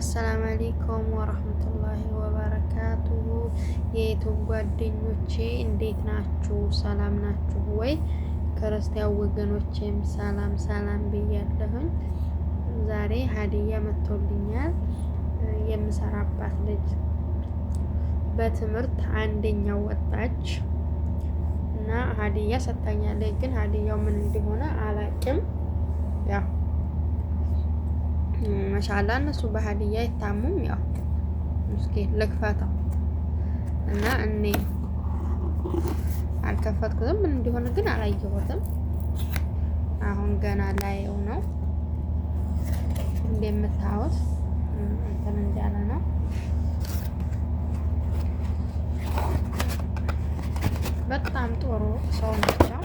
አሰላም አሌይኩም ወረህመቱላሂ ወበረካቱሁ የዩቱብ ጓደኞቼ እንዴት ናችሁ? ሰላም ናችሁ ወይ? ክርስቲያን ወገኖቼም ሰላም ሰላም ብያለሁኝ። ዛሬ ሀዲያ መጥቶልኛል። የምሰራባት ልጅ በትምህርት አንደኛው ወጣች እና ሀዲያ ሰጥታኛለች። ግን ሀዲያው ምን እንደሆነ አላውቅም ያው ማሻላ እነሱ ባህልያ ይታሙም ያው እስኪ ልክፈተው እና እኔ አልከፈትኩትም። ምን እንዲሆን ግን አላየሁትም። አሁን ገና ላየው ነው። እንደምታዩት እንትን እንዳለ ነው። በጣም ጥሩ ሰው ናቸው።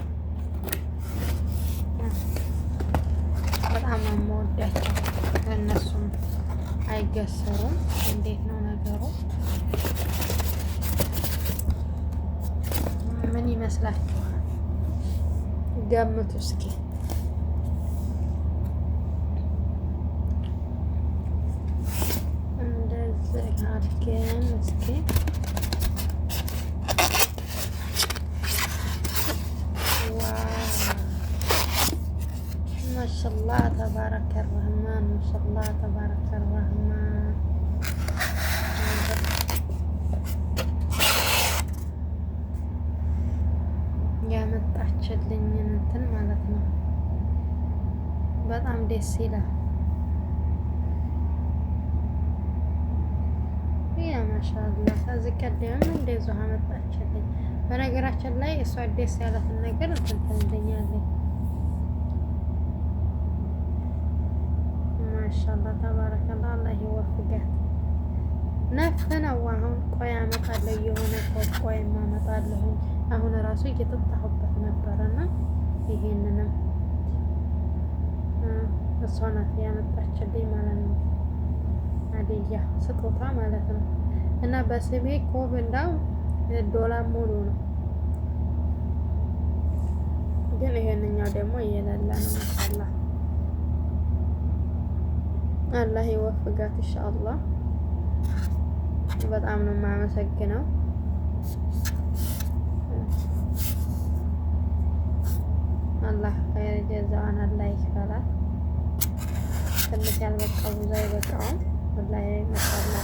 በጣም የምወዳቸው ከእነሱም አይገሰሩም። እንዴት ነው ነገሩ? ምን ይመስላችኋል? ገምቱ እስኪ። እንደዚህ አድርገን እስኪ ማሻላ ተባረከ ረህማን ማሻላ ተባረከ ረህማን። ያመጣችልኝን እንትን ማለት ነው። በጣም ደስ ይላል። ያ ማሻላ ከዚህ ቀደም እንደዚሁ አመጣችልኝ። በነገራችን ላይ እሷ ደስ ያላትን ነገር እንትን ትልኛለች ነፍነው አሁን ቆይ አመጣለሁ እየሆነ ቆይ ማመጣለሁ። አሁን ራሱ እየጠጣሁበት ነበረና ይሄንንም እሷ ናት ያመጣችልኝ ማለት ነው። አደያ ስጦታ ማለት ነው። እና በስሜ ኮብ እንዳው ዶላር ሙሉ ነው፣ ግን ይሄንኛው ደግሞ እየለለ ነው። ማሻላ አላህ ይወፍጋት ኢንሻአላህ። በጣም ነው የማመሰግነው። አላህ ኸይር ጀዛዋን አላህ ይክፈላት። ትንሽ ያልበቃው ብዙ አይበቃውም። ወላሂ መጣላ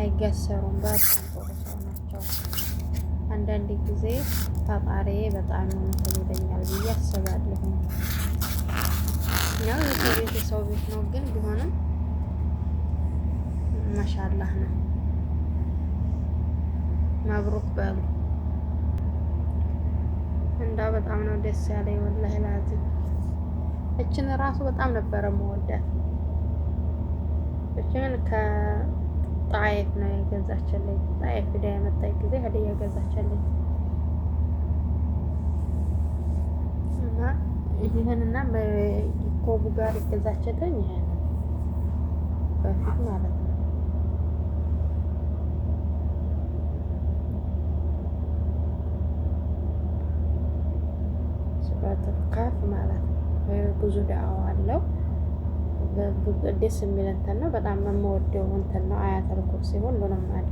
አይገሰሩም። በጣም ጥሩ ሰው ናቸው። አንዳንድ ጊዜ ታጣሪ በጣም እንትን ይለኛል ብዬ አስባለሁ። ያው ሰው ቤት ነው ግን ቢሆንም ማሻላህ ነው። ማብሩክ በሉ። እንዳ በጣም ነው ደስ ያለኝ ወላሂ ላዚ እችን ራሱ በጣም ነበረ መወዳት። እችን ከጣይፍ ነው የገዛችልኝ። ጣይፍ ሄዳ የመጣች ጊዜ ሄዳ የገዛችልኝ እና ይህንና በኮቡ ጋር የገዛችልኝ ይህን በፊት ማለት ነው ማለት ነው። ካፍ ማለት ብዙ ዳዋ አለው ደስ የሚል እንትን ነው። በጣም የምወደው እንትን ነው። አያተል ኩርሲ ሁሉንም አለ